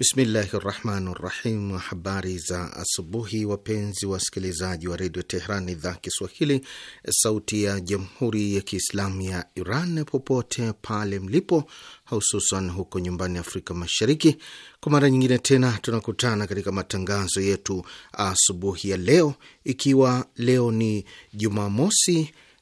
Bismillahi rahmani rahim. Habari za asubuhi, wapenzi wasikilizaji wa redio Tehran, idhaa Kiswahili, sauti ya jamhuri ya kiislamu ya Iran, popote pale mlipo, hususan huko nyumbani Afrika Mashariki. Kwa mara nyingine tena tunakutana katika matangazo yetu asubuhi ya leo, ikiwa leo ni Jumamosi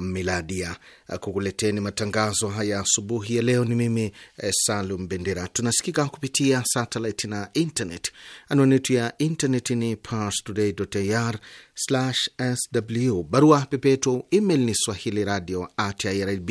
miladia. Kukuleteni matangazo haya asubuhi ya leo ni mimi eh, Salum Bendera. Tunasikika kupitia satellite na internet. Anwani yetu ya internet ni parstoday.ir/sw. Barua pepe yetu email ni swahili radio radio@irib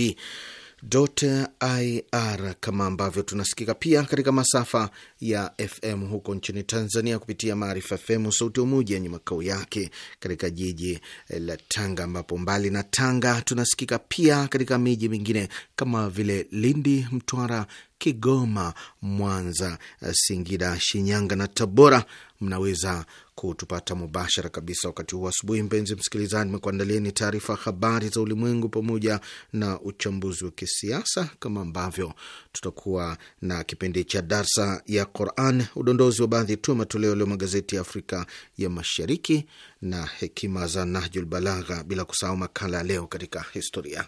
ir kama ambavyo tunasikika pia katika masafa ya FM huko nchini Tanzania kupitia Maarifa FM sauti ya Umoja yenye makao yake katika jiji la Tanga, ambapo mbali na Tanga tunasikika pia katika miji mingine kama vile Lindi, Mtwara, Kigoma, Mwanza, Singida, Shinyanga na Tabora mnaweza kutupata mubashara kabisa wakati huu asubuhi. Mpenzi msikilizaji, ni taarifa habari za ulimwengu pamoja na uchambuzi wa kisiasa, kama ambavyo tutakuwa na kipindi cha darsa ya Quran, udondozi wa baadhi tu matoleo leo magazeti ya Afrika ya Mashariki na hekima za Nahjul Balagha, bila kusahau makala ya leo katika historia.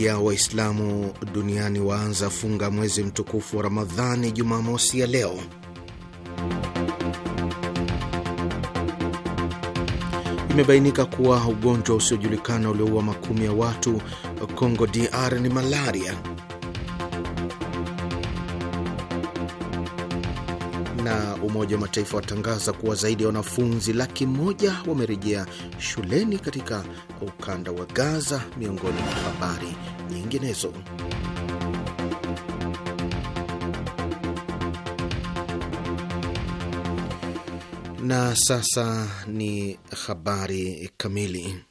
ya Waislamu duniani waanza funga mwezi mtukufu wa Ramadhani Jumamosi ya leo. Imebainika kuwa ugonjwa usiojulikana ulioua makumi ya watu Kongo DR ni malaria. Umoja wa Mataifa watangaza kuwa zaidi ya wanafunzi laki moja wamerejea shuleni katika ukanda wa Gaza, miongoni mwa habari nyinginezo. Na sasa ni habari kamili.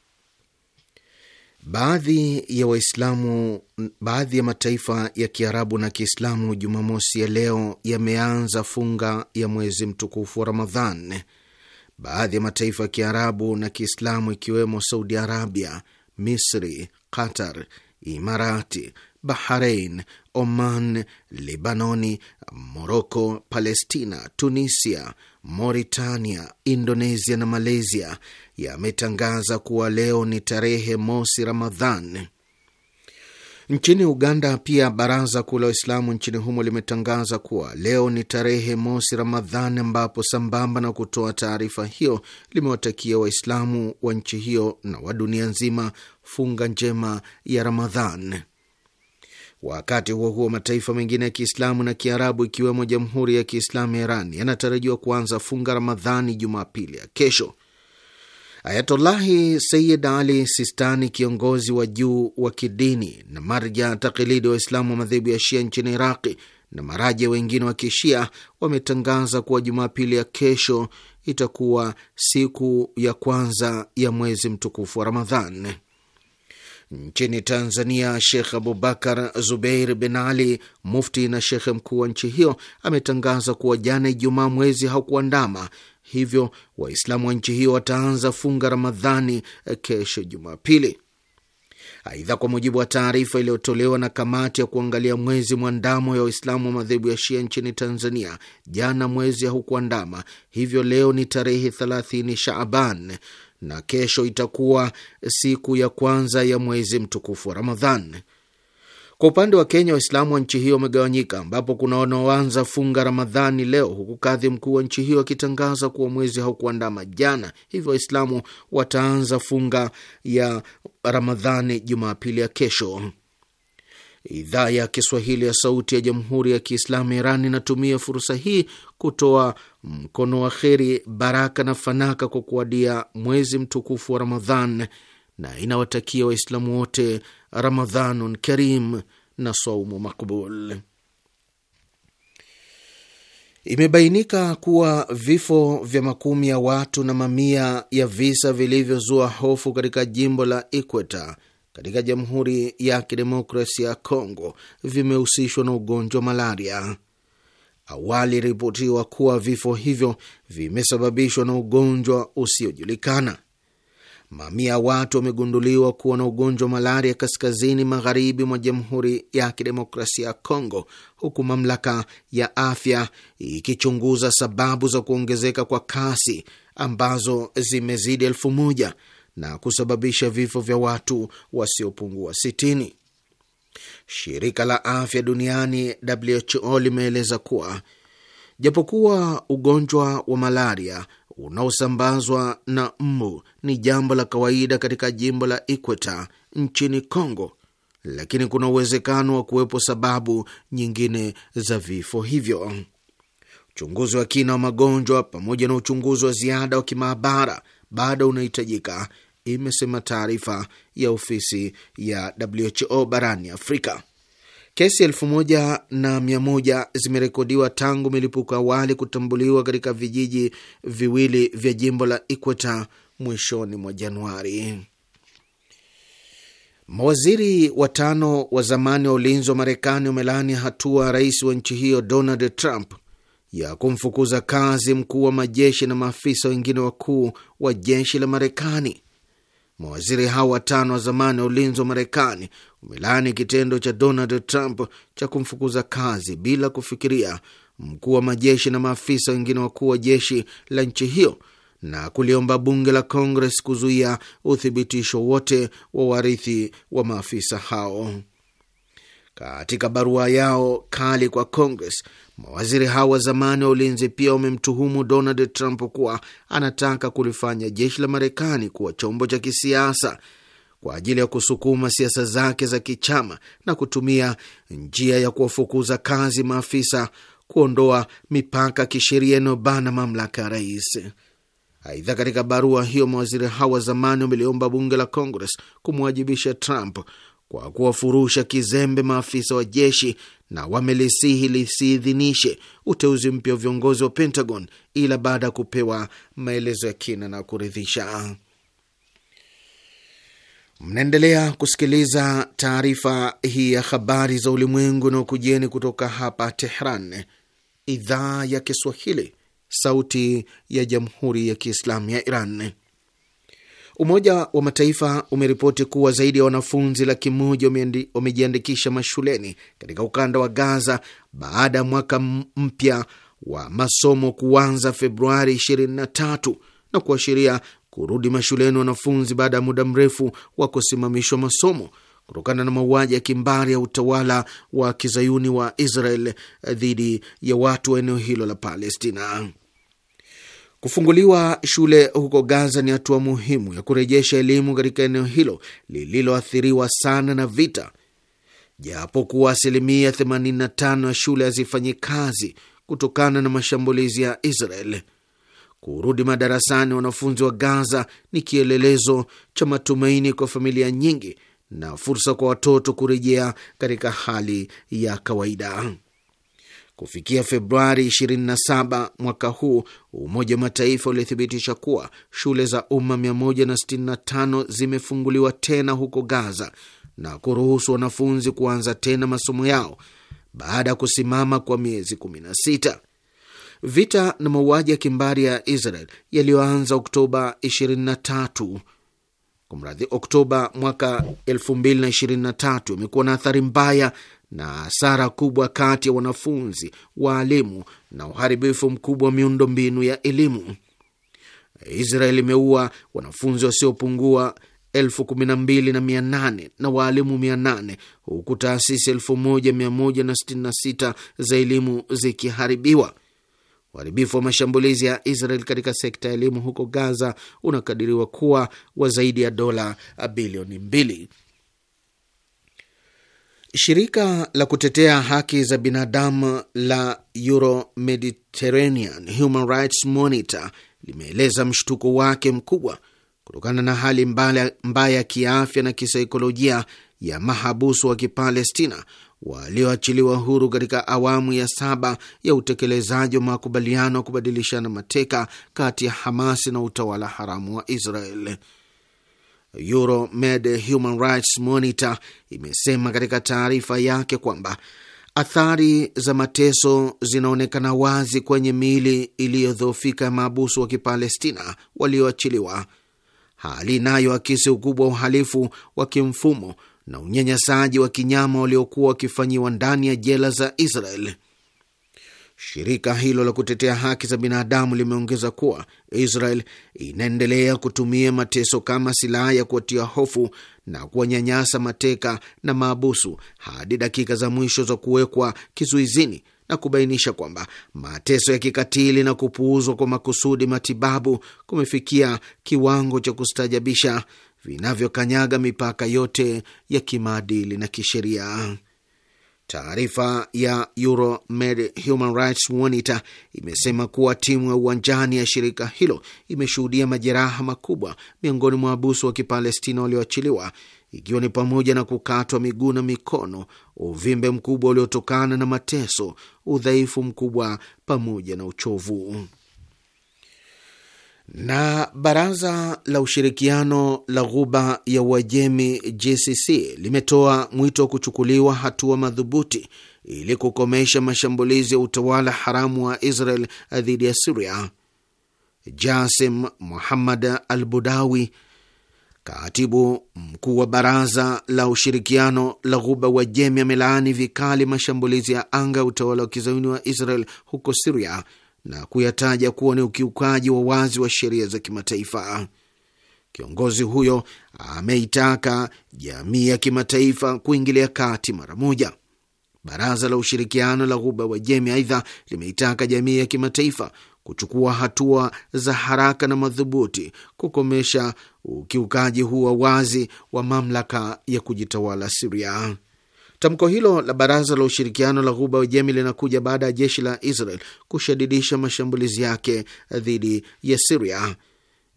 Baadhi ya Waislamu, baadhi ya mataifa ya Kiarabu na Kiislamu Jumamosi ya leo yameanza funga ya mwezi mtukufu wa Ramadhan. Baadhi ya mataifa ya Kiarabu na Kiislamu ikiwemo Saudi Arabia, Misri, Qatar, Imarati, Bahrain, Oman, Libanoni, Moroko, Palestina, Tunisia, Mauritania, Indonesia na Malaysia yametangaza kuwa leo ni tarehe mosi Ramadhan. Nchini Uganda pia baraza kuu la Waislamu nchini humo limetangaza kuwa leo ni tarehe mosi ramadhan ambapo sambamba na kutoa taarifa hiyo limewatakia Waislamu wa nchi hiyo na wa dunia nzima funga njema ya Ramadhan. Wakati huo huo, mataifa mengine ya Kiislamu na Kiarabu ikiwemo Jamhuri ya Kiislamu ya Iran yanatarajiwa kuanza funga Ramadhani Jumapili ya kesho. Ayatollahi Sayid Ali Sistani, kiongozi wa juu wa kidini na marja takilidi wa Waislamu wa madhehebu ya Shia nchini Iraqi na maraja wengine wa Kishia wametangaza kuwa Jumapili ya kesho itakuwa siku ya kwanza ya mwezi mtukufu wa Ramadhan. Nchini Tanzania, Shekh Abubakar Zubeir bin Ali, mufti na shekhe mkuu wa nchi hiyo, ametangaza kuwa jana Ijumaa mwezi haukuandama, hivyo Waislamu wa nchi hiyo wataanza funga Ramadhani eh, kesho Jumapili. Aidha, kwa mujibu wa taarifa iliyotolewa na kamati ya kuangalia mwezi mwandamo ya Waislamu wa madhehebu ya Shia nchini Tanzania, jana mwezi haukuandama, hivyo leo ni tarehe 30 Shaaban na kesho itakuwa siku ya kwanza ya mwezi mtukufu wa Ramadhan. Kwa upande wa Kenya, Waislamu wa nchi hiyo wamegawanyika, ambapo kuna wanaoanza funga Ramadhani leo huku kadhi mkuu wa nchi hiyo akitangaza kuwa mwezi haukuandama jana, hivyo Waislamu wataanza funga ya Ramadhani Jumapili ya kesho. Idhaa ya Kiswahili ya Sauti ya Jamhuri ya Kiislamu Iran inatumia fursa hii kutoa mkono wa kheri, baraka na fanaka kwa kuadia mwezi mtukufu wa Ramadhan na inawatakia Waislamu wote Ramadhanun karim na saumu makbul. Imebainika kuwa vifo vya makumi ya watu na mamia ya visa vilivyozua hofu katika jimbo la Ikweta katika Jamhuri ya Kidemokrasia ya congo vimehusishwa na ugonjwa wa malaria. Awali iliripotiwa kuwa vifo hivyo vimesababishwa na ugonjwa usiojulikana mamia ya watu wamegunduliwa kuwa na ugonjwa wa malaria kaskazini magharibi mwa Jamhuri ya Kidemokrasia ya Kongo, huku mamlaka ya afya ikichunguza sababu za kuongezeka kwa kasi ambazo zimezidi elfu moja na kusababisha vifo vya watu wasiopungua wa sitini. Shirika la afya duniani WHO limeeleza kuwa japokuwa ugonjwa wa malaria unaosambazwa na mbu ni jambo la kawaida katika jimbo la Ikweta nchini congo lakini kuna uwezekano wa kuwepo sababu nyingine za vifo hivyo. Uchunguzi wa kina wa magonjwa pamoja na uchunguzi wa ziada wa kimaabara bado unahitajika, imesema taarifa ya ofisi ya WHO barani Afrika. Kesi elfu moja na mia moja zimerekodiwa tangu milipuko awali kutambuliwa katika vijiji viwili vya jimbo la Ikweta mwishoni mwa Januari. Mawaziri watano wa zamani wa ulinzi wa Marekani wamelaani hatua rais wa nchi hiyo Donald Trump ya kumfukuza kazi mkuu wa majeshi na maafisa wengine wakuu wa jeshi la Marekani Mawaziri hao watano wa zamani wa ulinzi wa Marekani umelaani kitendo cha Donald Trump cha kumfukuza kazi bila kufikiria mkuu wa majeshi na maafisa wengine wakuu wa jeshi la nchi hiyo na kuliomba bunge la Congress kuzuia uthibitisho wote wa warithi wa maafisa hao. Katika barua yao kali kwa Congress, Mawaziri hao wa zamani wa ulinzi pia wamemtuhumu Donald Trump kuwa anataka kulifanya jeshi la Marekani kuwa chombo cha kisiasa kwa ajili ya kusukuma siasa zake za kichama na kutumia njia ya kuwafukuza kazi maafisa, kuondoa mipaka kisheria inayobana mamlaka ya rais. Aidha, katika barua hiyo mawaziri hao wa zamani wameliomba bunge la Congress kumwajibisha Trump kwa kuwafurusha kizembe maafisa wa jeshi na wamelisihi lisiidhinishe uteuzi mpya wa viongozi wa Pentagon ila baada ya kupewa maelezo ya kina na kuridhisha. Mnaendelea kusikiliza taarifa hii ya habari za ulimwengu na ukujeni kutoka hapa Tehran, idhaa ya Kiswahili, sauti ya jamhuri ya kiislamu ya Iran. Umoja wa Mataifa umeripoti kuwa zaidi ya wanafunzi laki moja wamejiandikisha mashuleni katika ukanda wa Gaza baada ya mwaka mpya wa masomo kuanza Februari 23 na kuashiria kurudi mashuleni wanafunzi baada ya muda mrefu wa kusimamishwa masomo kutokana na mauaji ya kimbari ya utawala wa kizayuni wa Israel dhidi ya watu wa eneo hilo la Palestina. Kufunguliwa shule huko Gaza ni hatua muhimu ya kurejesha elimu katika eneo hilo lililoathiriwa sana na vita. Japo kuwa asilimia 85 ya shule hazifanyi kazi kutokana na mashambulizi ya Israel, kurudi madarasani wanafunzi wa Gaza ni kielelezo cha matumaini kwa familia nyingi na fursa kwa watoto kurejea katika hali ya kawaida. Kufikia Februari 27 mwaka huu, Umoja wa Mataifa ulithibitisha kuwa shule za umma 165 zimefunguliwa tena huko Gaza na kuruhusu wanafunzi kuanza tena masomo yao baada ya kusimama kwa miezi 16. Vita na mauaji ya kimbari ya Israel yaliyoanza Oktoba 23 kumradhi, Oktoba mwaka 2023 imekuwa na athari mbaya na hasara kubwa kati ya wanafunzi, waalimu na uharibifu mkubwa wa miundombinu ya elimu. Israel imeua wanafunzi wasiopungua elfu kumi na mbili na mia nane na waalimu mia nane huku taasisi elfu moja mia moja na sitini na sita za elimu zikiharibiwa. Uharibifu wa mashambulizi ya Israel katika sekta ya elimu huko Gaza unakadiriwa kuwa wa zaidi ya dola bilioni mbili. Shirika la kutetea haki za binadamu la Euro Mediterranean Human Rights Monitor limeeleza mshtuko wake mkubwa kutokana na hali mbaya ya kiafya na kisaikolojia ya mahabusu wa Kipalestina walioachiliwa huru katika awamu ya saba ya utekelezaji wa makubaliano ya kubadilishana mateka kati ya Hamasi na utawala haramu wa Israel. Euromed Human Rights Monitor imesema katika taarifa yake kwamba athari za mateso zinaonekana wazi kwenye miili iliyodhoofika ya maabusu wa Kipalestina walioachiliwa, hali inayoakisi ukubwa wa uhalifu wa kimfumo na unyanyasaji wa kinyama waliokuwa wakifanyiwa ndani ya jela za Israel. Shirika hilo la kutetea haki za binadamu limeongeza kuwa Israel inaendelea kutumia mateso kama silaha ya kuwatia hofu na kuwanyanyasa mateka na maabusu hadi dakika za mwisho za kuwekwa kizuizini na kubainisha kwamba mateso ya kikatili na kupuuzwa kwa makusudi matibabu kumefikia kiwango cha kustajabisha vinavyokanyaga mipaka yote ya kimaadili na kisheria. Taarifa ya Euromed Human Rights Monitor imesema kuwa timu ya uwanjani ya shirika hilo imeshuhudia majeraha makubwa miongoni mwa wabusu wa Kipalestina walioachiliwa ikiwa ni pamoja na kukatwa miguu na mikono, uvimbe mkubwa uliotokana na mateso, udhaifu mkubwa pamoja na uchovu. Na baraza la ushirikiano la Ghuba ya Uajemi GCC limetoa mwito wa kuchukuliwa hatua madhubuti ili kukomesha mashambulizi ya utawala haramu wa Israel dhidi ya Siria. Jasim Muhammad Al Budawi, katibu mkuu wa baraza la ushirikiano la Ghuba Uajemi, amelaani vikali mashambulizi ya anga ya utawala wa kizayuni wa Israel huko Siria na kuyataja kuwa ni ukiukaji wa wazi wa sheria za kimataifa. Kiongozi huyo ameitaka jamii ya kimataifa kuingilia kati mara moja. Baraza la Ushirikiano la Ghuba Wajemi aidha limeitaka jamii ya kimataifa kuchukua hatua za haraka na madhubuti kukomesha ukiukaji huu wa wazi wa mamlaka ya kujitawala Siria. Tamko hilo la Baraza la Ushirikiano la Ghuba ujemi linakuja baada ya jeshi la Israel kushadidisha mashambulizi yake dhidi ya Siria.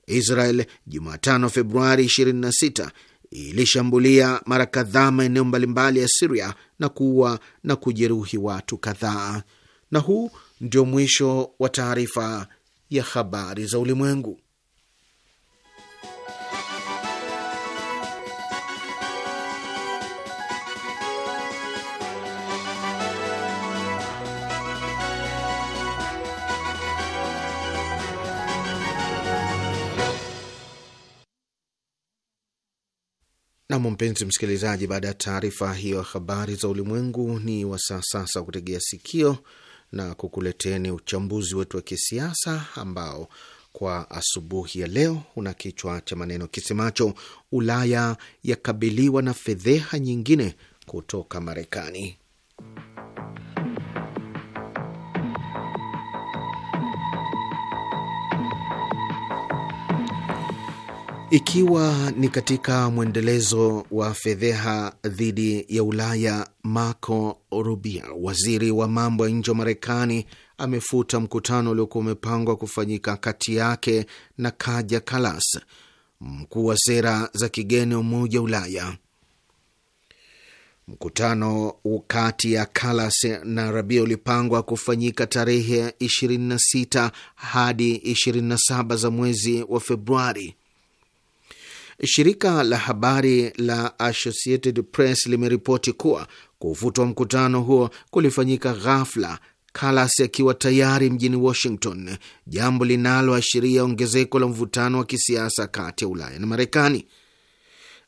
Israel Jumatano Februari 26 ilishambulia mara kadhaa maeneo mbalimbali ya Siria na kuua na kujeruhi watu kadhaa. Na huu ndio mwisho wa taarifa ya habari za ulimwengu. Nam, mpenzi msikilizaji, baada ya taarifa hiyo ya habari za ulimwengu, ni wasaa sasa kutegea sikio na kukuleteni uchambuzi wetu wa kisiasa ambao kwa asubuhi ya leo una kichwa cha maneno kisemacho Ulaya yakabiliwa na fedheha nyingine kutoka Marekani. Ikiwa ni katika mwendelezo wa fedheha dhidi ya Ulaya, Marco Rubio, waziri wa mambo ya nje wa Marekani, amefuta mkutano uliokuwa umepangwa kufanyika kati yake na Kaja Kalas, mkuu wa sera za kigeni Umoja Ulaya. Mkutano kati ya Kalas na Rabia ulipangwa kufanyika tarehe 26 hadi 27 za mwezi wa Februari. Shirika la habari la Associated Press limeripoti kuwa kuvutwa mkutano huo kulifanyika ghafla, Kalas akiwa tayari mjini Washington, jambo linaloashiria ongezeko la mvutano wa kisiasa kati ya Ulaya na Marekani.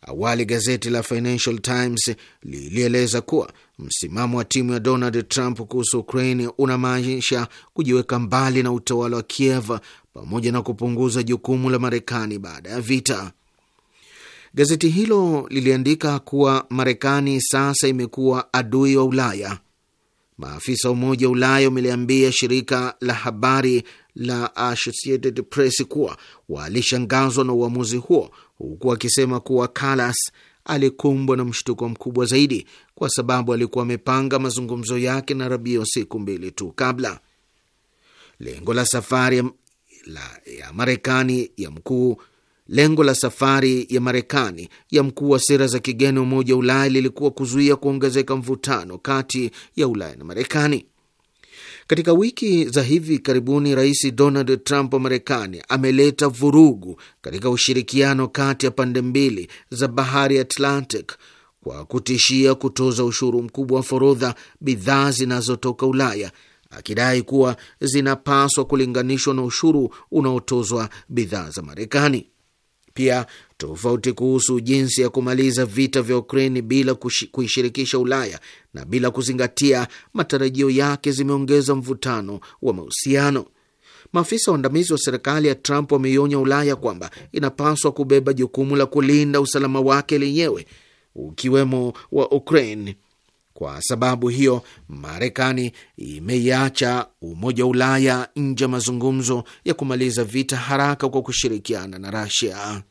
Awali gazeti la Financial Times lilieleza kuwa msimamo wa timu ya Donald Trump kuhusu Ukraine unamaanisha kujiweka mbali na utawala wa Kiev pamoja na kupunguza jukumu la Marekani baada ya vita. Gazeti hilo liliandika kuwa Marekani sasa imekuwa adui wa Ulaya. Maafisa wa Umoja wa Ulaya wameliambia shirika la habari la Associated Press kuwa walishangazwa na uamuzi huo, huku akisema kuwa calas alikumbwa na mshtuko mkubwa zaidi kwa sababu alikuwa amepanga mazungumzo yake na Rabio siku mbili tu kabla. Lengo la safari la ya Marekani ya mkuu Lengo la safari ya Marekani ya mkuu wa sera za kigeni wa Umoja wa Ulaya lilikuwa kuzuia kuongezeka mvutano kati ya Ulaya na Marekani. Katika wiki za hivi karibuni, Rais Donald Trump wa Marekani ameleta vurugu katika ushirikiano kati ya pande mbili za bahari Atlantic kwa kutishia kutoza ushuru mkubwa wa forodha bidhaa zinazotoka Ulaya, akidai kuwa zinapaswa kulinganishwa na ushuru unaotozwa bidhaa za Marekani pia tofauti kuhusu jinsi ya kumaliza vita vya Ukraini bila kuishirikisha Ulaya na bila kuzingatia matarajio yake zimeongeza mvutano wa mahusiano. Maafisa waandamizi wa serikali ya Trump wameionya Ulaya kwamba inapaswa kubeba jukumu la kulinda usalama wake lenyewe ukiwemo wa Ukraine. Kwa sababu hiyo, Marekani imeiacha Umoja wa Ulaya nje ya mazungumzo ya kumaliza vita haraka kwa kushirikiana na Rasia.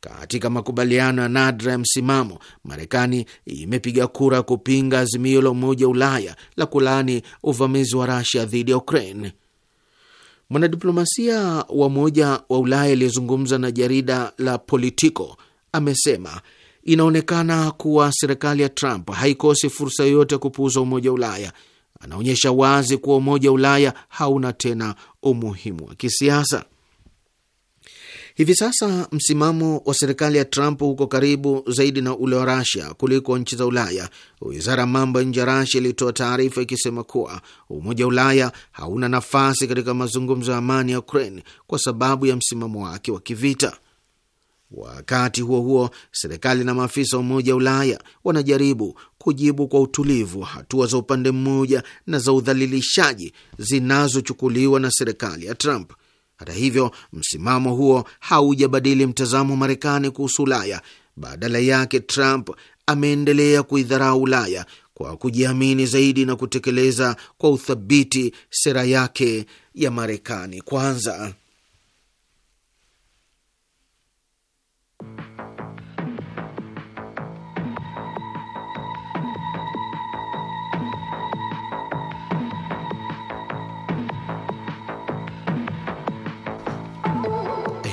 Katika makubaliano ya nadra ya msimamo, Marekani imepiga kura kupinga azimio la Umoja wa Ulaya la kulaani uvamizi wa Rasia dhidi ya Ukraine. Mwanadiplomasia wa Umoja wa Ulaya aliyezungumza na jarida la Politico amesema Inaonekana kuwa serikali ya Trump haikosi fursa yoyote ya kupuuza umoja wa Ulaya. Anaonyesha wazi kuwa umoja wa Ulaya hauna tena umuhimu wa kisiasa. Hivi sasa msimamo wa serikali ya Trump huko karibu zaidi na ule wa Rasia kuliko nchi za Ulaya. Wizara ya mambo ya nje ya Rasia ilitoa taarifa ikisema kuwa umoja wa Ulaya hauna nafasi katika mazungumzo ya amani ya Ukraine kwa sababu ya msimamo wake wa kivita. Wakati huo huo, serikali na maafisa wa Umoja wa Ulaya wanajaribu kujibu kwa utulivu hatua za upande mmoja na za udhalilishaji zinazochukuliwa na serikali ya Trump. Hata hivyo, msimamo huo haujabadili mtazamo wa Marekani kuhusu Ulaya. Badala yake, Trump ameendelea kuidharau Ulaya kwa kujiamini zaidi na kutekeleza kwa uthabiti sera yake ya Marekani kwanza.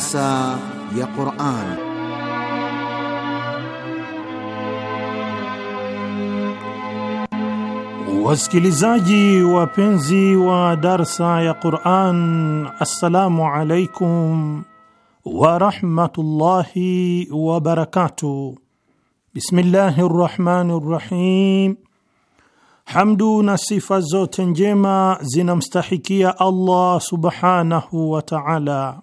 darsa ya Qur'an. Wasikilizaji wapenzi wa darsa ya Qur'an, assalamu alaikum wa wabarakatuh wa barakatuh. Bismillahi rahmani rahim. Hamdu na sifa zote njema zinamstahikia Allah subhanahu wa ta'ala,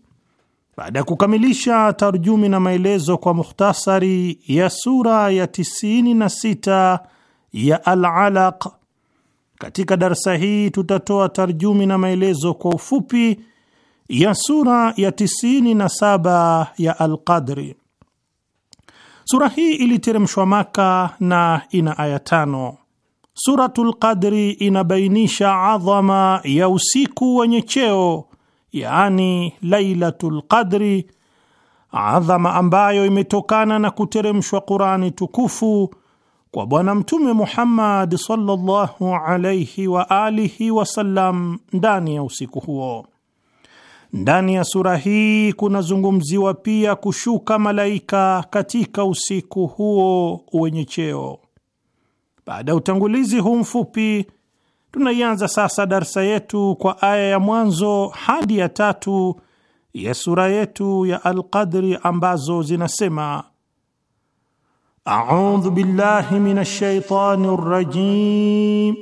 baada ya kukamilisha tarjumi na maelezo kwa mukhtasari ya sura ya 96 ya Al-Alaq, katika darsa hii tutatoa tarjumi na maelezo kwa ufupi ya sura ya 97 ya Al-Qadri. Sura hii iliteremshwa Maka na ina aya tano. Suratul Qadri inabainisha adhama ya usiku wenye cheo yaani Lailatul Qadri, adhama ambayo imetokana na kuteremshwa Qurani tukufu kwa Bwana Mtume Muhammad sallallahu alayhi wa alihi wasallam ndani ya usiku huo. Ndani ya sura hii kunazungumziwa pia kushuka malaika katika usiku huo wenye cheo. Baada ya utangulizi huu mfupi Tunaianza sasa darsa yetu kwa aya ya mwanzo hadi ya tatu ya sura yetu ya Alqadri ambazo zinasema: audhu billahi minash shaitani rajim,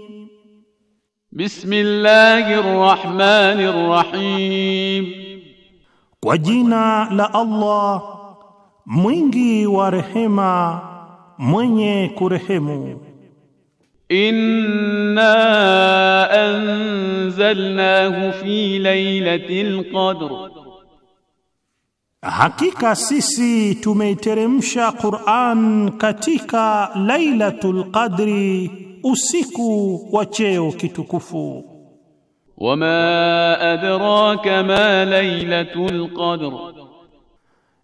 bismillahir rrahmani rrahim, kwa jina la Allah mwingi wa rehema mwenye kurehemu. إنا أنزلناه في ليلة القدر Hakika sisi tumeiteremsha Qur'an katika Lailatul Qadri usiku wa cheo kitukufu. Wama adraka ma Lailatul Qadr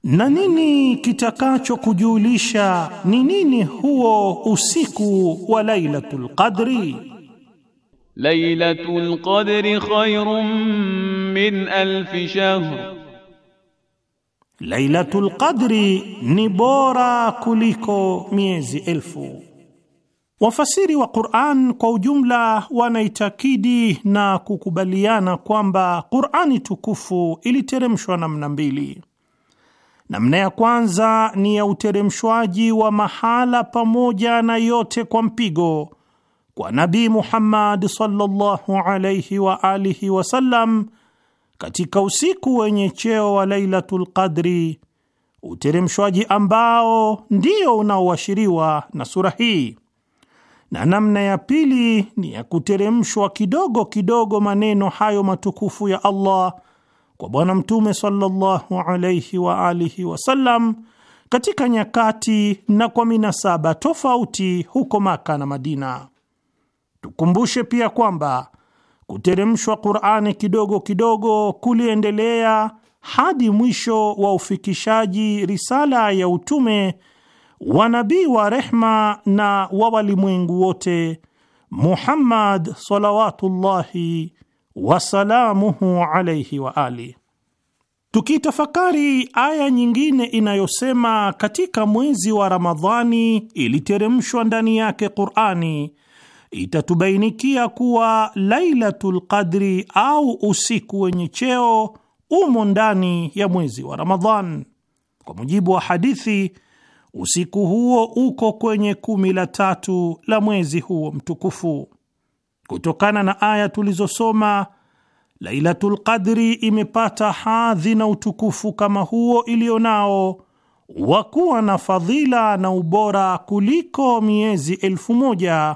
Na nini kitakachokujulisha ni nini huo usiku wa Lailatul Qadri? Lailatul Qadri khairun min alf shahr, Lailatul Qadri ni bora kuliko miezi elfu. Wafasiri wa Qur'an kwa ujumla wanaitakidi na kukubaliana kwamba Qur'ani tukufu iliteremshwa namna mbili Namna ya kwanza ni ya uteremshwaji wa mahala pamoja na yote kwa mpigo kwa nabi Muhammad sallallahu alayhi wa alihi wasallam katika usiku wenye cheo wa Lailatul Qadri, uteremshwaji ambao ndio unaoashiriwa na sura hii. Na namna ya pili ni ya kuteremshwa kidogo kidogo maneno hayo matukufu ya Allah kwa Bwana Mtume sallallahu alaihi wa alihi wasallam katika nyakati na kwa minasaba tofauti huko Maka na Madina. Tukumbushe pia kwamba kuteremshwa Qur'ani kidogo kidogo kuliendelea hadi mwisho wa ufikishaji risala ya utume wa nabii wa rehma na wa walimwengu wote Muhammad salawatullahi wasalamuhu alaihi wa ali. Tukitafakari aya nyingine inayosema katika mwezi wa Ramadhani iliteremshwa ndani yake Qur'ani, itatubainikia kuwa Lailatul Qadri au usiku wenye cheo umo ndani ya mwezi wa Ramadhan. Kwa mujibu wa hadithi, usiku huo uko kwenye kumi la tatu la mwezi huo mtukufu. Kutokana na aya tulizosoma, Lailatul Qadri imepata hadhi na utukufu kama huo iliyo nao wa kuwa na fadhila na ubora kuliko miezi elfu moja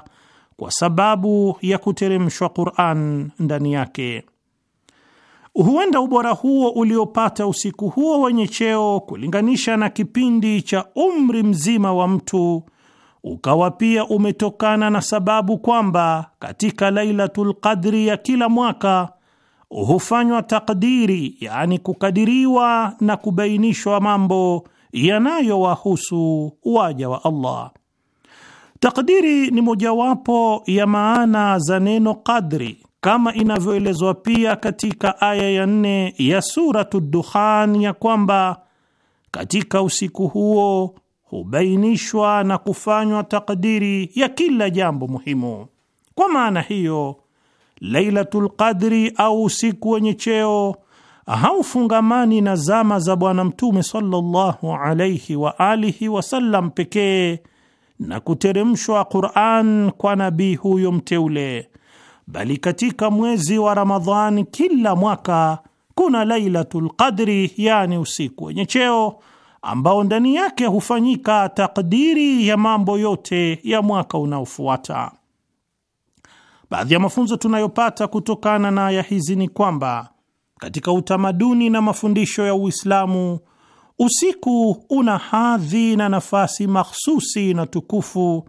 kwa sababu ya kuteremshwa Qur'an ndani yake. Huenda ubora huo uliopata usiku huo wenye cheo kulinganisha na kipindi cha umri mzima wa mtu ukawa pia umetokana na sababu kwamba katika Lailatul Qadri ya kila mwaka hufanywa takdiri, yaani kukadiriwa na kubainishwa mambo yanayowahusu waja wa Allah. Takdiri ni mojawapo ya maana za neno qadri kama inavyoelezwa pia katika aya ya nne ya Suratu Dukhan ya kwamba katika usiku huo hubainishwa na kufanywa takdiri ya kila jambo muhimu. Kwa maana hiyo, Lailatul Qadri au usiku wenye cheo haufungamani na zama za Bwana Mtume sallallahu alaihi wa alihi wasallam pekee na kuteremshwa Qur'an kwa nabii huyo mteule, bali katika mwezi wa Ramadhani kila mwaka kuna Lailatul Qadri, yani usiku wenye cheo ambao ndani yake hufanyika takdiri ya mambo yote ya mwaka unaofuata. Baadhi ya mafunzo tunayopata kutokana na aya hizi ni kwamba katika utamaduni na mafundisho ya Uislamu, usiku una hadhi na nafasi mahsusi na tukufu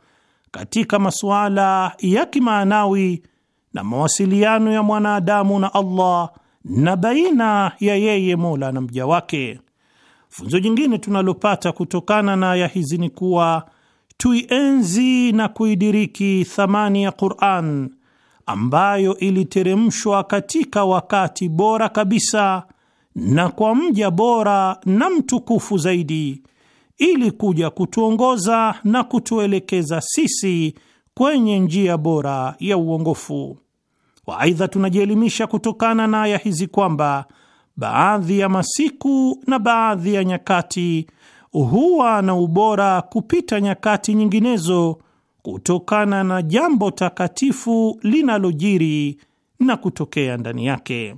katika masuala ya kimaanawi na mawasiliano ya mwanadamu na Allah na baina ya yeye Mola na mja wake. Funzo jingine tunalopata kutokana na aya hizi ni kuwa tuienzi na kuidiriki thamani ya Qur'an ambayo iliteremshwa katika wakati bora kabisa na kwa mja bora na mtukufu zaidi ili kuja kutuongoza na kutuelekeza sisi kwenye njia bora ya uongofu. Waaidha, tunajielimisha kutokana na aya hizi kwamba baadhi ya masiku na baadhi ya nyakati huwa na ubora kupita nyakati nyinginezo kutokana na jambo takatifu linalojiri na kutokea ndani yake.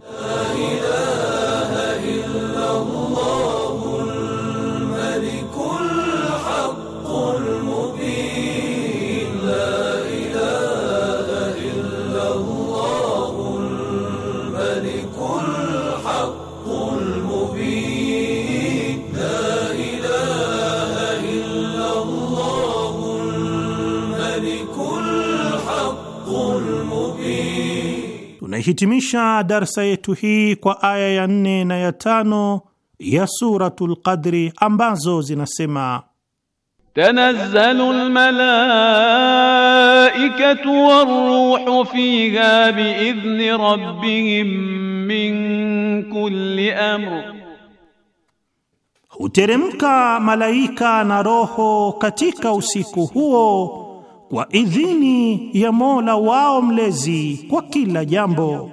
Tunaihitimisha darsa yetu hii kwa aya ya nne na ya tano ya Suratul Qadri ambazo zinasema: tanazzalu lmalaikatu waruhu fiha biidhni rabbihim min kulli amr, huteremka malaika na roho katika usiku huo kwa idhini ya Mola wao mlezi kwa kila jambo.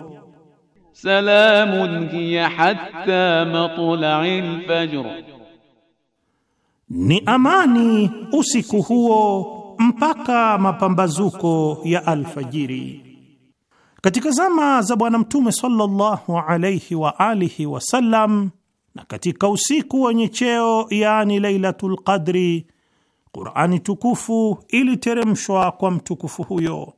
Salamun hiya hatta matla'il fajr, ni amani usiku huo mpaka mapambazuko ya alfajiri. Katika zama za Bwana Mtume sallallahu alayhi wa alihi wasallam, na katika usiku wenye cheo, yani Lailatul Qadri Qur'ani tukufu iliteremshwa kwa mtukufu huyo,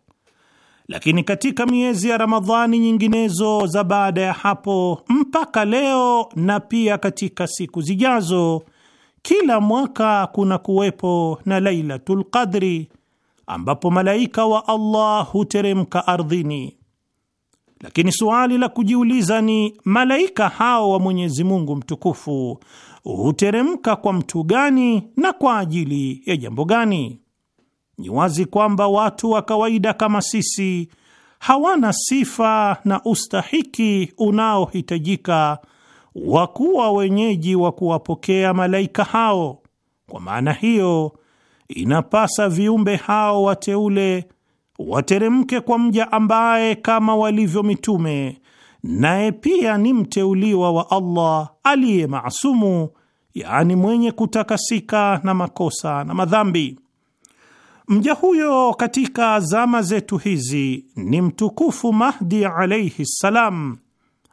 lakini katika miezi ya Ramadhani nyinginezo za baada ya hapo mpaka leo na pia katika siku zijazo, kila mwaka kuna kuwepo na Lailatul Qadri ambapo malaika wa Allah huteremka ardhini. Lakini suali la kujiuliza ni malaika hao wa Mwenyezi Mungu mtukufu huteremka kwa mtu gani na kwa ajili ya jambo gani. Ni wazi kwamba watu wa kawaida kama sisi hawana sifa na ustahiki unaohitajika wa kuwa wenyeji wa kuwapokea malaika hao. Kwa maana hiyo, inapasa viumbe hao wateule wateremke kwa mja ambaye kama walivyo mitume naye pia ni mteuliwa wa Allah aliye maasumu, yaani mwenye kutakasika na makosa na madhambi. Mja huyo katika zama zetu hizi ni mtukufu Mahdi alaihi ssalam,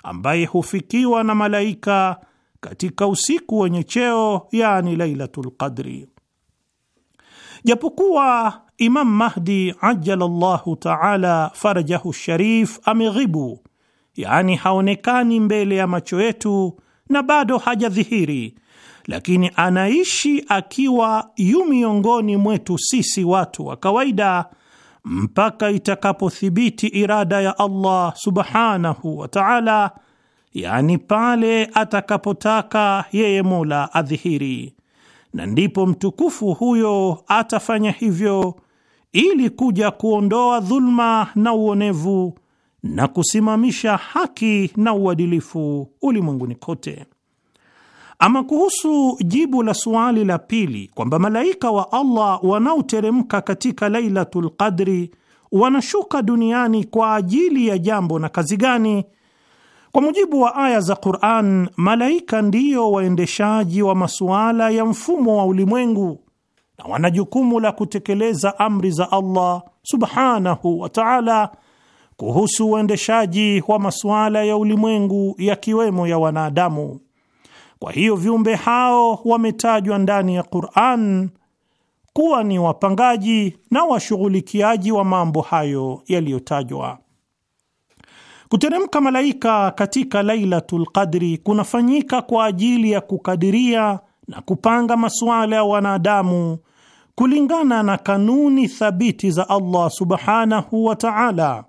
ambaye hufikiwa na malaika katika usiku wenye cheo, yani Lailatul Qadri. Japokuwa Imam Mahdi ajala llahu taala farajahu sharif ameghibu yaani haonekani mbele ya macho yetu na bado hajadhihiri, lakini anaishi akiwa yu miongoni mwetu sisi watu wa kawaida mpaka itakapothibiti irada ya Allah subhanahu wa ta'ala, yani pale atakapotaka yeye Mola adhihiri, na ndipo mtukufu huyo atafanya hivyo ili kuja kuondoa dhulma na uonevu na kusimamisha haki na uadilifu ulimwenguni kote. Ama kuhusu jibu la suali la pili kwamba malaika wa Allah wanaoteremka katika Lailatul Qadri wanashuka duniani kwa ajili ya jambo na kazi gani? Kwa mujibu wa aya za Qur'an, malaika ndiyo waendeshaji wa masuala ya mfumo wa ulimwengu na wana jukumu la kutekeleza amri za Allah subhanahu wa ta'ala kuhusu uendeshaji wa masuala ya ulimwengu yakiwemo ya wanadamu. Kwa hiyo viumbe hao wametajwa ndani ya Qur'an kuwa ni wapangaji na washughulikiaji wa mambo hayo yaliyotajwa. Kuteremka malaika katika Lailatul Qadri kunafanyika kwa ajili ya kukadiria na kupanga masuala ya wanadamu kulingana na kanuni thabiti za Allah Subhanahu wa Ta'ala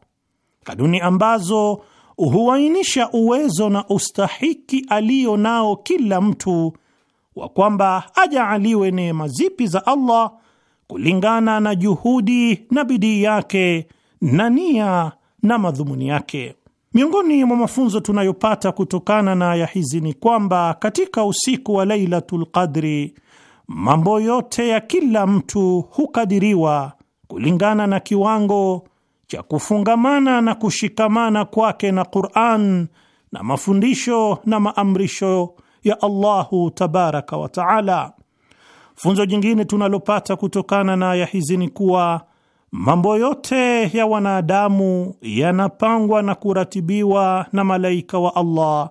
kanuni ambazo huainisha uwezo na ustahiki aliyo nao kila mtu wa kwamba ajaaliwe neema zipi za Allah kulingana na juhudi na bidii yake na nia na madhumuni yake. Miongoni mwa mafunzo tunayopata kutokana na aya hizi ni kwamba katika usiku wa Lailatul Qadri mambo yote ya kila mtu hukadiriwa kulingana na kiwango cha kufungamana na kushikamana kwake na Qur'an na mafundisho na maamrisho ya Allahu tabaraka wa taala. Funzo jingine tunalopata kutokana na aya hizi ni kuwa mambo yote ya wanadamu yanapangwa na kuratibiwa na malaika wa Allah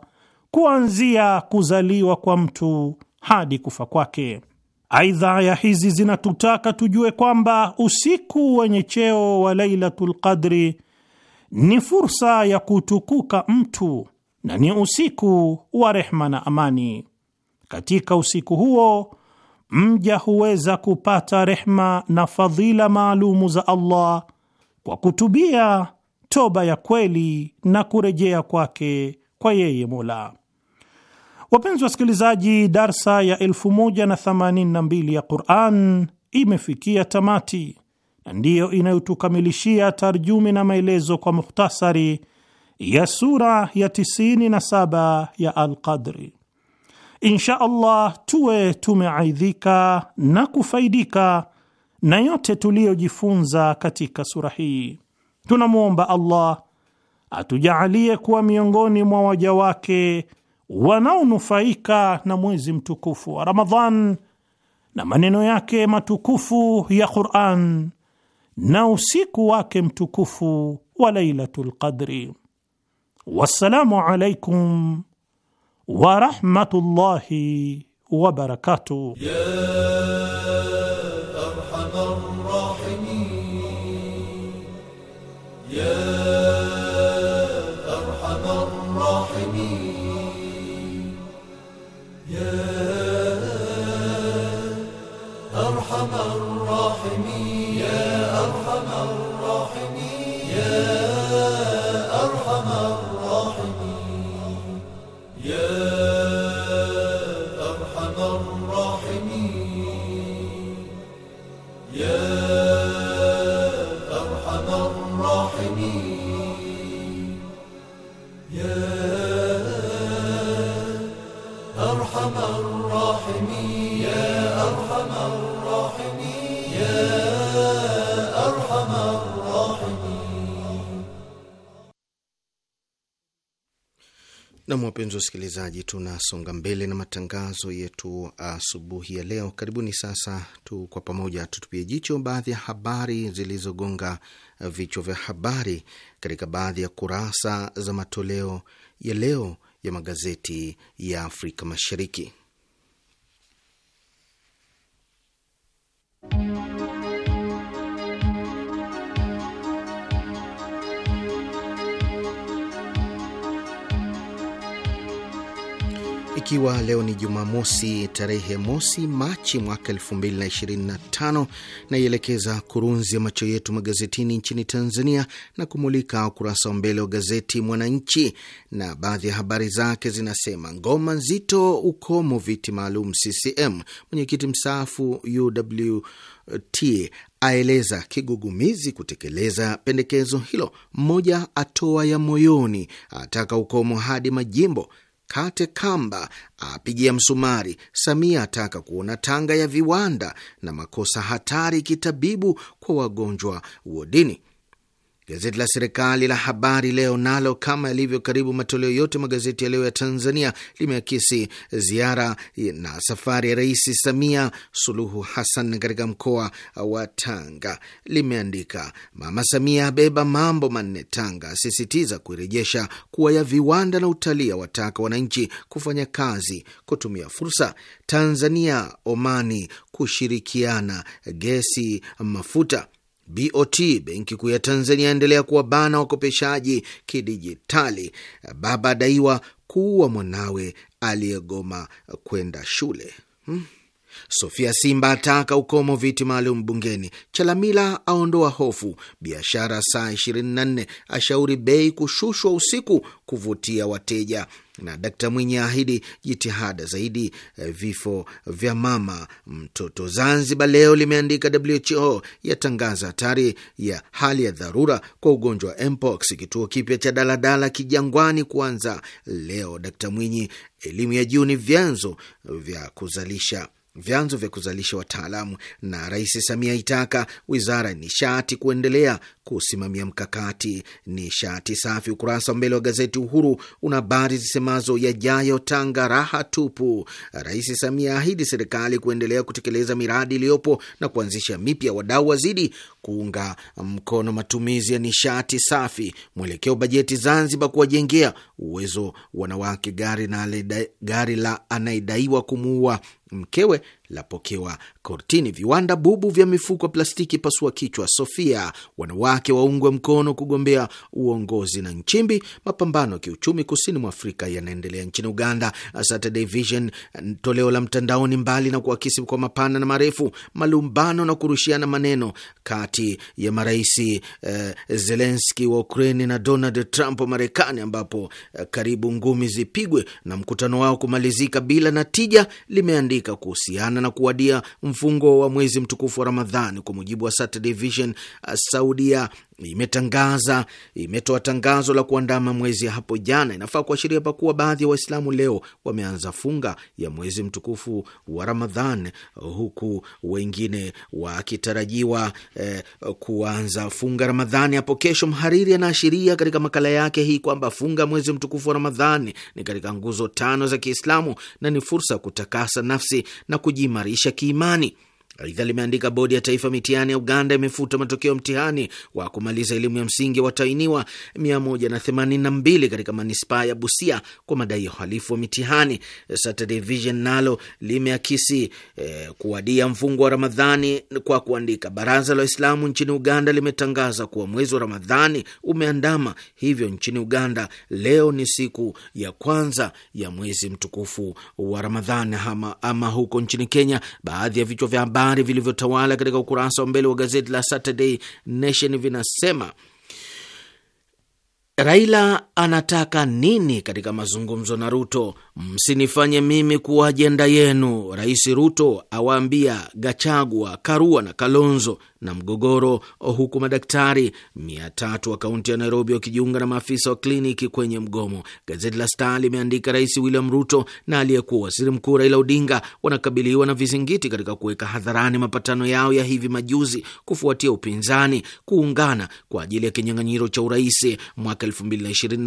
kuanzia kuzaliwa kwa mtu hadi kufa kwake. Aidha, aya hizi zinatutaka tujue kwamba usiku wenye cheo wa Lailatul Qadri ni fursa ya kutukuka mtu na ni usiku wa rehma na amani. Katika usiku huo mja huweza kupata rehma na fadhila maalumu za Allah kwa kutubia toba ya kweli na kurejea kwake kwa yeye Mola. Wapenzi wasikilizaji, darsa ya 1082 ya Quran imefikia tamati na ndiyo inayotukamilishia tarjumi na maelezo kwa mukhtasari ya sura ya 97 ya Alqadri. Insha Allah tuwe tumeaidhika na kufaidika na yote tuliyojifunza katika sura hii. Tunamwomba Allah atujaalie kuwa miongoni mwa waja wake wanaonufaika na mwezi mtukufu wa Ramadhan na maneno yake matukufu ya Qur'an na usiku wake mtukufu wa Lailatul Qadri. Wassalamu alaikum wa rahmatullahi wa barakatuh. wapenzi wasikilizaji, tunasonga mbele na matangazo yetu asubuhi ya leo. Karibuni sasa tu kwa pamoja tutupie jicho baadhi ya habari zilizogonga vichwa vya habari katika baadhi ya kurasa za matoleo ya leo ya magazeti ya Afrika Mashariki. ikiwa leo ni Jumamosi tarehe mosi Machi mwaka 225 naielekeza kurunzi ya macho yetu magazetini nchini Tanzania na kumulika ukurasa wa mbele wa gazeti Mwananchi, na baadhi ya habari zake zinasema: ngoma nzito, ukomo viti maalum CCM, mwenyekiti mstaafu UWT aeleza kigugumizi kutekeleza pendekezo hilo, mmoja atoa ya moyoni, ataka ukomo hadi majimbo Kate kamba apigia msumari. Samia ataka kuona Tanga ya viwanda na makosa hatari kitabibu kwa wagonjwa wodini. Gazeti la serikali la Habari Leo nalo kama yalivyo karibu matoleo yote magazeti ya leo ya Tanzania limeakisi ziara na safari ya Rais Samia Suluhu Hassan katika mkoa wa Tanga. Limeandika Mama Samia abeba mambo manne Tanga, asisitiza kuirejesha kuwa ya viwanda na utalii, wataka wananchi kufanya kazi, kutumia fursa. Tanzania Omani kushirikiana gesi, mafuta BOT benki kuu ya Tanzania endelea bana wakopeshaji kidijitali. Baba adaiwa kuua mwanawe aliyegoma kwenda shule. Hmm. Sofia Simba ataka ukomo viti maalum bungeni. Chalamila aondoa hofu biashara saa 24, ashauri bei kushushwa usiku kuvutia wateja na Dkt Mwinyi ahidi jitihada zaidi e, vifo vya mama mtoto. Zanzibar Leo limeandika WHO yatangaza hatari ya hali ya dharura kwa ugonjwa wa mpox. Kituo kipya cha daladala Kijangwani kuanza leo. Dkt Mwinyi, elimu ya juu ni vyanzo vya kuzalisha vyanzo vya kuzalisha wataalamu, na Rais Samia aitaka wizara ya nishati kuendelea kusimamia mkakati nishati safi. Ukurasa wa mbele wa gazeti Uhuru una habari zisemazo yajayo Tanga raha tupu. Rais Samia ahidi serikali kuendelea kutekeleza miradi iliyopo na kuanzisha mipya. Wadau wazidi kuunga mkono matumizi ya nishati safi. Mwelekeo bajeti Zanzibar kuwajengea uwezo wanawake gari, na gari la anayedaiwa kumuua mkewe lapokewa kortini. Viwanda bubu vya mifuko ya plastiki pasua kichwa Sofia. Wanawake waungwe mkono kugombea uongozi. Na Nchimbi, mapambano ya kiuchumi kusini mwa Afrika yanaendelea nchini Uganda. Saturday Vision toleo la mtandaoni, mbali na kuakisi kwa mapana na marefu malumbano na kurushiana maneno kati ya maraisi eh, Zelenski wa Ukraini na Donald Trump wa Marekani, ambapo eh, karibu ngumi zipigwe na mkutano wao kumalizika bila na tija limeandika kuhusiana kutokana na kuwadia mfungo wa mwezi mtukufu wa Ramadhani. Kwa mujibu wa Saturday Vision Saudia, imetangaza imetoa tangazo la kuandama mwezi hapo jana. Inafaa kuashiria pakuwa baadhi ya wa Waislamu leo wameanza funga ya mwezi mtukufu wa Ramadhan, huku wengine wakitarajiwa eh, kuanza funga Ramadhani hapo kesho. Mhariri anaashiria katika makala yake hii kwamba funga mwezi mtukufu wa Ramadhani ni katika nguzo tano za Kiislamu na ni fursa ya kutakasa nafsi na kujiimarisha kiimani. Aidha limeandika bodi ya taifa mitihani ya Uganda imefuta matokeo mtihani wa kumaliza elimu ya msingi watainiwa 182 katika manispaa ya Busia kwa madai ya uhalifu wa mitihani. Saturday Vision nalo limeakisi eh, kuwadia mfungo wa Ramadhani kwa kuandika baraza la Waislamu nchini Uganda limetangaza kuwa mwezi wa Ramadhani umeandama, hivyo nchini Uganda leo ni siku ya kwanza ya mwezi mtukufu wa Ramadhani. Ama, ama huko nchini Kenya baadhi ya vichwa vya habari habari vilivyotawala katika ukurasa wa mbele wa gazeti la Saturday Nation vinasema Raila anataka nini katika mazungumzo na Ruto? Msinifanye mimi kuwa ajenda yenu. Rais Ruto awaambia Gachagua, Karua na Kalonzo, na mgogoro, huku madaktari mia tatu wa kaunti ya Nairobi wakijiunga na maafisa wa kliniki kwenye mgomo. Gazeti la Star limeandika Rais William Ruto na aliyekuwa waziri mkuu Raila Odinga wanakabiliwa na vizingiti katika kuweka hadharani mapatano yao ya hivi majuzi kufuatia upinzani kuungana kwa ajili ya kinyang'anyiro cha urais mwaka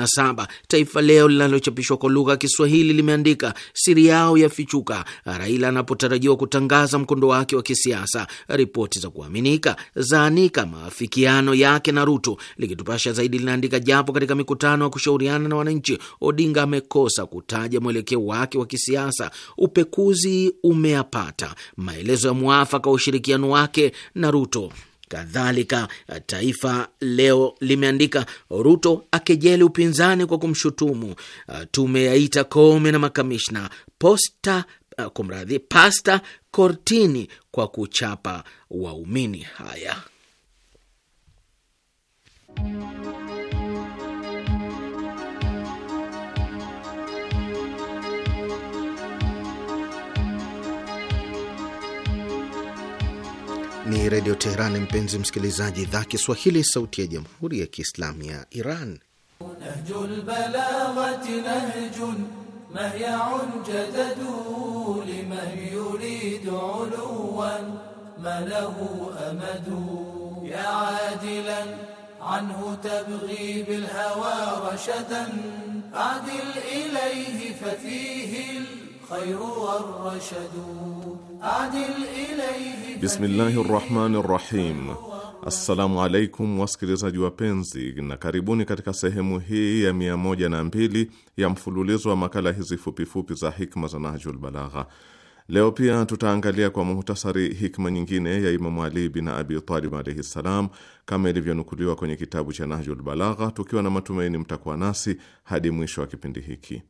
saba. Taifa Leo linalochapishwa kwa lugha ya Kiswahili limeandika siri yao yafichuka, Raila anapotarajiwa kutangaza mkondo wake wa kisiasa. Ripoti za kuaminika Afrika zaanika maafikiano yake na Ruto. Likitupasha zaidi linaandika, japo katika mikutano ya kushauriana na wananchi, Odinga amekosa kutaja mwelekeo wake wa kisiasa. Upekuzi umeapata maelezo ya mwafaka wa ushirikiano wake na Ruto. Kadhalika, Taifa Leo limeandika Ruto akejeli upinzani kwa kumshutumu tume yaita kome na makamishna posta Ah, kumradhi pasta kortini kwa kuchapa waumini. Haya. Ni Redio Teherani, mpenzi msikilizaji, idhaa Kiswahili, sauti ya jamhuri ya kiislamu ya Iran. مهيع جدد لمن يريد علوا ما له أمد يا عادلا عنه تبغي بالهوى رشدا عدل إليه ففيه الخير والرشد عدل إليه بسم الله الرحمن الرحيم Assalamu alaikum wasikilizaji wapenzi, na karibuni katika sehemu hii ya mia moja na mbili ya mfululizo wa makala hizi fupifupi za hikma za Nahjul Balagha. Leo pia tutaangalia kwa muhtasari hikma nyingine ya Imamu Ali bin Abi Talib alaihi ssalam, kama ilivyonukuliwa kwenye kitabu cha Nahjul Balagha, tukiwa na matumaini mtakuwa nasi hadi mwisho wa kipindi hiki.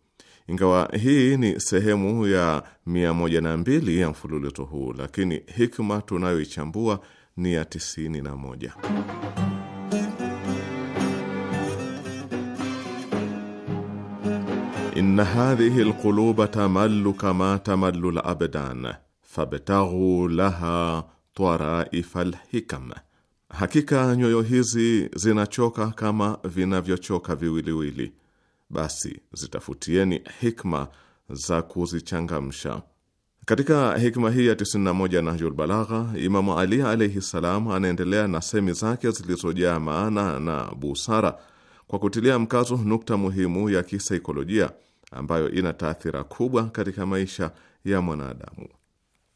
Ingawa hii ni sehemu ya mia moja na mbili ya mfululizo huu, lakini hikma tunayoichambua ni ya 91. Inna hadhihi lquluba tamallu kama tamallu labdan fabtaghu laha taraifa lhikam, hakika nyoyo hizi zinachoka kama vinavyochoka viwiliwili, basi zitafutieni hikma za kuzichangamsha. Katika hikma hii ya 91 Nahjul Balagha, Imamu Ali alaihi ssalam anaendelea na semi zake zilizojaa maana na busara kwa kutilia mkazo nukta muhimu ya kisaikolojia ambayo ina taathira kubwa katika maisha ya mwanadamu.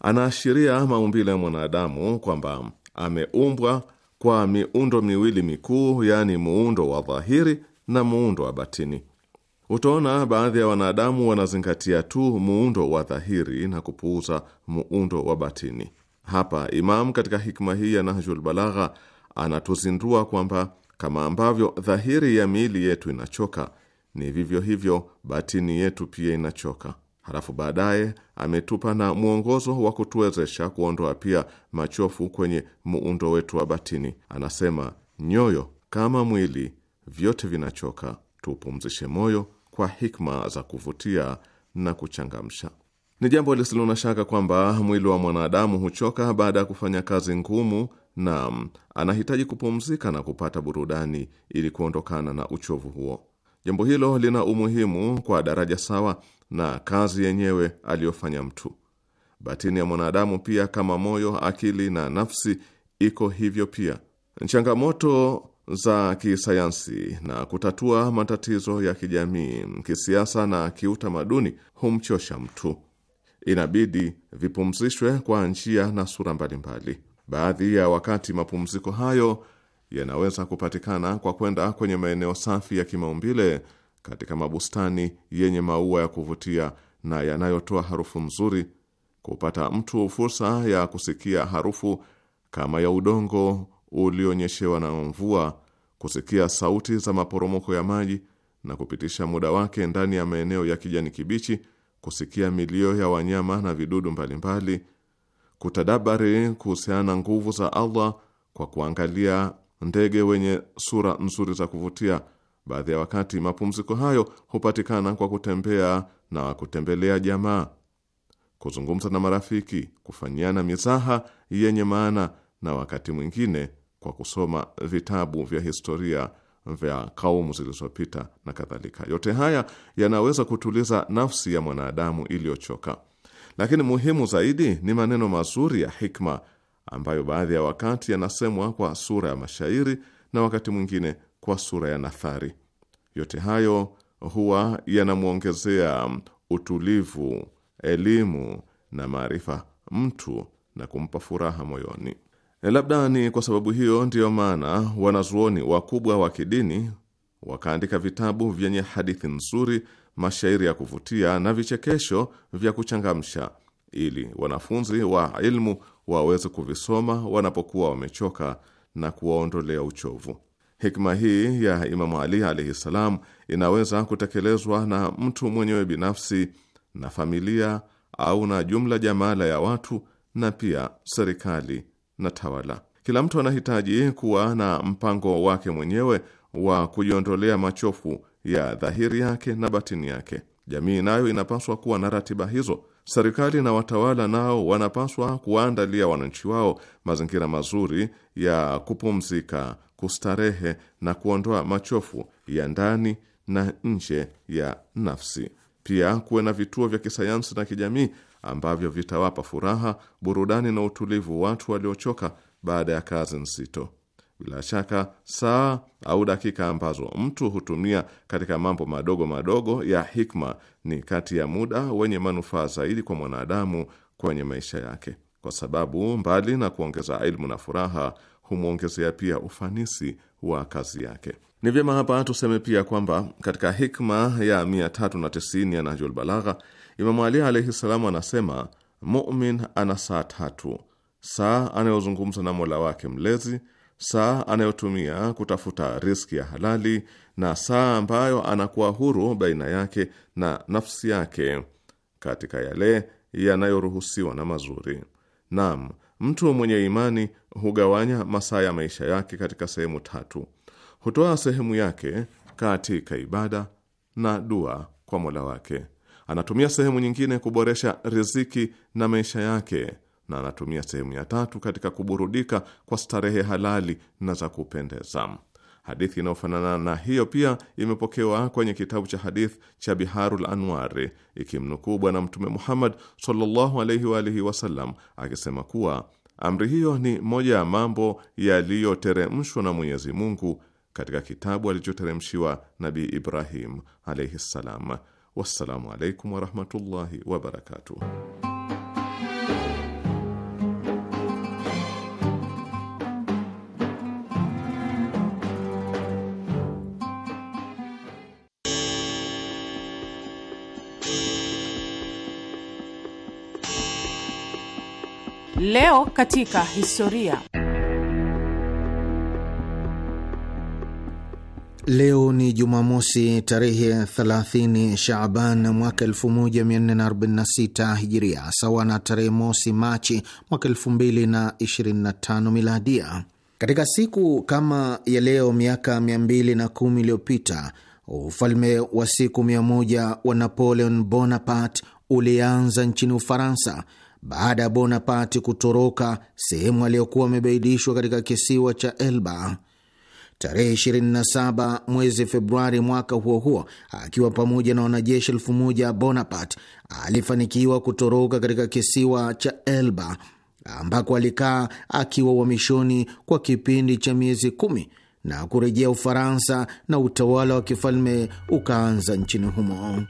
Anaashiria maumbile ya mwanadamu kwamba ameumbwa kwa miundo miwili mikuu, yaani muundo wa dhahiri na muundo wa batini. Utaona baadhi ya wanadamu wanazingatia tu muundo wa dhahiri na kupuuza muundo wa batini. Hapa Imam katika hikma hii ya Nahjul Balagha anatuzindua kwamba kama ambavyo dhahiri ya miili yetu inachoka, ni vivyo hivyo batini yetu pia inachoka. Halafu baadaye ametupa na mwongozo wa kutuwezesha kuondoa pia machofu kwenye muundo wetu wa batini. Anasema nyoyo kama mwili vyote vinachoka, tupumzishe moyo kwa hikma za kuvutia na kuchangamsha. Ni jambo lisilo na shaka kwamba mwili wa mwanadamu huchoka baada ya kufanya kazi ngumu na anahitaji kupumzika na kupata burudani ili kuondokana na uchovu huo. Jambo hilo lina umuhimu kwa daraja sawa na kazi yenyewe aliyofanya mtu. Batini ya mwanadamu pia, kama moyo, akili na nafsi, iko hivyo pia. Changamoto za kisayansi na kutatua matatizo ya kijamii, kisiasa na kiutamaduni humchosha mtu. Inabidi vipumzishwe kwa njia na sura mbalimbali. Baadhi ya wakati mapumziko hayo yanaweza kupatikana kwa kwenda kwenye maeneo safi ya kimaumbile katika mabustani yenye maua ya kuvutia na yanayotoa harufu nzuri, kupata mtu fursa ya kusikia harufu kama ya udongo ulionyeshewa na mvua, kusikia sauti za maporomoko ya maji na kupitisha muda wake ndani ya maeneo ya kijani kibichi, kusikia milio ya wanyama na vidudu mbalimbali, kutadabari kuhusiana na nguvu za Allah kwa kuangalia ndege wenye sura nzuri za kuvutia. Baadhi ya wakati mapumziko hayo hupatikana kwa kutembea na kutembelea jamaa, kuzungumza na marafiki, kufanyiana mizaha yenye maana na wakati mwingine kwa kusoma vitabu vya historia vya kaumu zilizopita na kadhalika. Yote haya yanaweza kutuliza nafsi ya mwanadamu iliyochoka, lakini muhimu zaidi ni maneno mazuri ya hikma ambayo baadhi ya wakati yanasemwa kwa sura ya mashairi na wakati mwingine kwa sura ya nathari. Yote hayo huwa yanamwongezea utulivu, elimu na maarifa mtu na kumpa furaha moyoni. Eh, labda ni kwa sababu hiyo ndiyo maana wanazuoni wakubwa wa kidini wakaandika vitabu vyenye hadithi nzuri, mashairi ya kuvutia na vichekesho vya kuchangamsha, ili wanafunzi wa ilmu waweze kuvisoma wanapokuwa wamechoka na kuwaondolea uchovu. Hikma hii ya Imamu Ali alaihi ssalam inaweza kutekelezwa na mtu mwenyewe binafsi na familia au na jumla jamala ya watu na pia serikali na tawala. Kila mtu anahitaji kuwa na mpango wake mwenyewe wa kujiondolea machofu ya dhahiri yake na batini yake. Jamii nayo inapaswa kuwa na ratiba hizo. Serikali na watawala nao wanapaswa kuwaandalia wananchi wao mazingira mazuri ya kupumzika, kustarehe na kuondoa machofu ya ndani na nje ya nafsi. Pia kuwe na vituo vya kisayansi na kijamii ambavyo vitawapa furaha, burudani na utulivu watu waliochoka baada ya kazi nzito. Bila shaka saa au dakika ambazo mtu hutumia katika mambo madogo madogo ya hikma ni kati ya muda wenye manufaa zaidi kwa mwanadamu kwenye maisha yake, kwa sababu mbali na kuongeza ilmu na furaha, humwongezea pia ufanisi wa kazi yake. Ni vyema hapa tuseme pia kwamba katika hikma ya 390 ya Nahjul Balagha Imamu Ali alaihi salamu anasema mumin ana saa tatu: saa anayozungumza na mola wake mlezi, saa anayotumia kutafuta riski ya halali, na saa ambayo anakuwa huru baina yake na nafsi yake katika yale yanayoruhusiwa na mazuri. Naam, mtu mwenye imani hugawanya masaa ya maisha yake katika sehemu tatu: hutoa sehemu yake katika ibada na dua kwa mola wake anatumia sehemu nyingine kuboresha riziki na maisha yake, na anatumia sehemu ya tatu katika kuburudika kwa starehe halali na za kupendeza. Hadithi inayofanana na hiyo pia imepokewa kwenye kitabu cha hadith cha Biharul Anwari ikimnukuu Bwana Mtume Muhammad sallallahu alaihi wa alihi wasallam akisema kuwa amri hiyo ni moja ya mambo yaliyoteremshwa na Mwenyezi Mungu katika kitabu alichoteremshiwa Nabii Ibrahim alaihi ssalam. Wassalamu alaikum warahmatullahi wabarakatuh. Leo katika historia Leo ni Jumamosi tarehe 30 shaban mwaka 1446 Hijiria, sawa na tarehe mosi Machi mwaka 2025 Miladia. Katika siku kama ya leo miaka 210 iliyopita ufalme wa siku 100 wa Napoleon Bonaparte ulianza nchini Ufaransa baada ya Bonaparte kutoroka sehemu aliyokuwa amebaidishwa katika kisiwa cha Elba. Tarehe 27 mwezi Februari mwaka huo huo, akiwa pamoja na wanajeshi elfu moja Bonaparte alifanikiwa kutoroka katika kisiwa cha Elba ambako alikaa akiwa uhamishoni kwa kipindi cha miezi kumi na kurejea Ufaransa na utawala wa kifalme ukaanza nchini humo.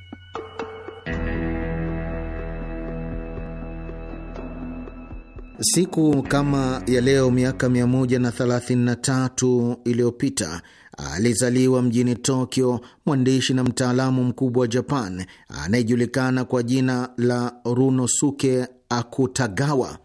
Siku kama ya leo miaka 133 iliyopita alizaliwa mjini Tokyo mwandishi na mtaalamu mkubwa wa Japan anayejulikana kwa jina la Runosuke Akutagawa.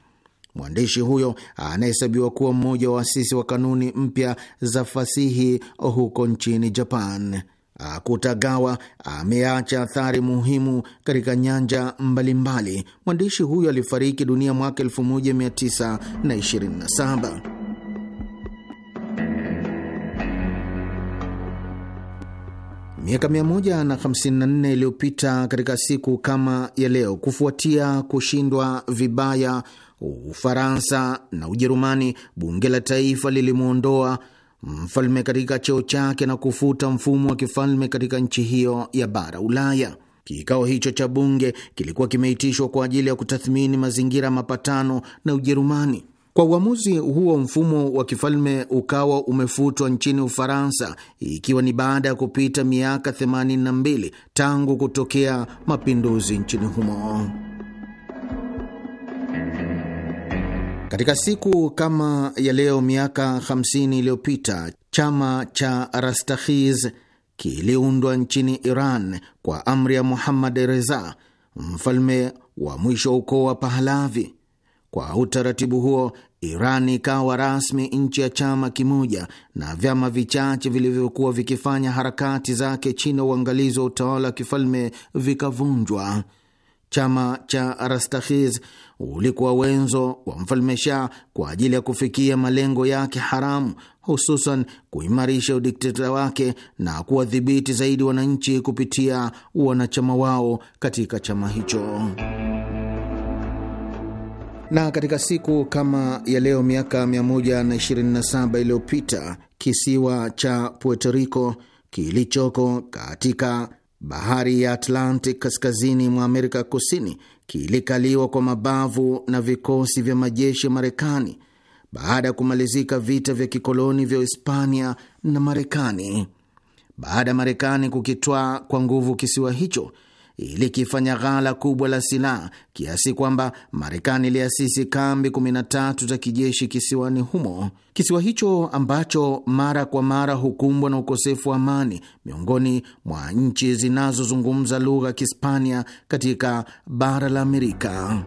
Mwandishi huyo anahesabiwa kuwa mmoja wa waasisi wa kanuni mpya za fasihi huko nchini Japan. Akutagawa ameacha athari muhimu katika nyanja mbalimbali. Mwandishi huyo alifariki dunia mwaka 1927. Miaka 154 iliyopita katika siku kama ya leo, kufuatia kushindwa vibaya Ufaransa na Ujerumani, bunge la taifa lilimwondoa mfalme katika cheo chake na kufuta mfumo wa kifalme katika nchi hiyo ya bara Ulaya. Kikao hicho cha bunge kilikuwa kimeitishwa kwa ajili ya kutathmini mazingira ya mapatano na Ujerumani. Kwa uamuzi huo, mfumo wa kifalme ukawa umefutwa nchini Ufaransa, ikiwa ni baada ya kupita miaka 82 tangu kutokea mapinduzi nchini humo. Katika siku kama ya leo miaka 50 iliyopita chama cha Rastakhiz kiliundwa nchini Iran kwa amri ya Muhammad Reza, mfalme wa mwisho wa ukoo wa Pahalavi. Kwa utaratibu huo, Iran ikawa rasmi nchi ya chama kimoja na vyama vichache vilivyokuwa vikifanya harakati zake chini ya uangalizi wa utawala wa kifalme vikavunjwa. Chama cha Rastakhiz ulikuwa wenzo wa mfalme Shah kwa ajili ya kufikia malengo yake haramu, hususan kuimarisha udikteta wake na kuwadhibiti zaidi wananchi kupitia wanachama wao katika chama hicho na katika siku kama ya leo miaka 127 iliyopita kisiwa cha Puerto Rico kilichoko katika bahari ya Atlantic kaskazini mwa Amerika Kusini kilikaliwa kwa mabavu na vikosi vya majeshi ya Marekani baada ya kumalizika vita vya kikoloni vya Hispania na Marekani. Baada ya Marekani kukitwaa kwa nguvu kisiwa hicho ilikifanya ghala kubwa la silaha kiasi kwamba Marekani iliasisi kambi 13 za kijeshi kisiwani humo. Kisiwa hicho ambacho mara kwa mara hukumbwa na ukosefu wa amani miongoni mwa nchi zinazozungumza lugha ya Kihispania katika bara la Amerika.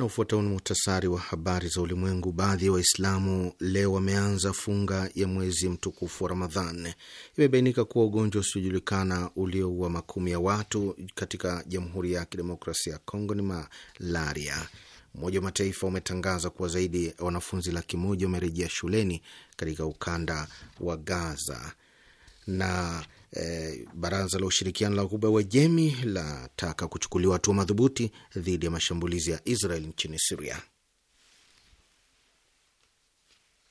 Na ufuatao ni muhtasari wa habari za ulimwengu. Baadhi ya wa Waislamu leo wameanza funga ya mwezi mtukufu wa Ramadhan. Imebainika kuwa ugonjwa usiojulikana ulioua makumi ya watu katika Jamhuri ya Kidemokrasia ya Kongo ni malaria. Umoja wa Mataifa umetangaza kuwa zaidi ya wanafunzi laki moja wamerejea shuleni katika ukanda wa Gaza na E, baraza la ushirikiano la ghuba Jemi lataka kuchukuliwa hatua madhubuti dhidi ya mashambulizi ya Israel nchini Siria.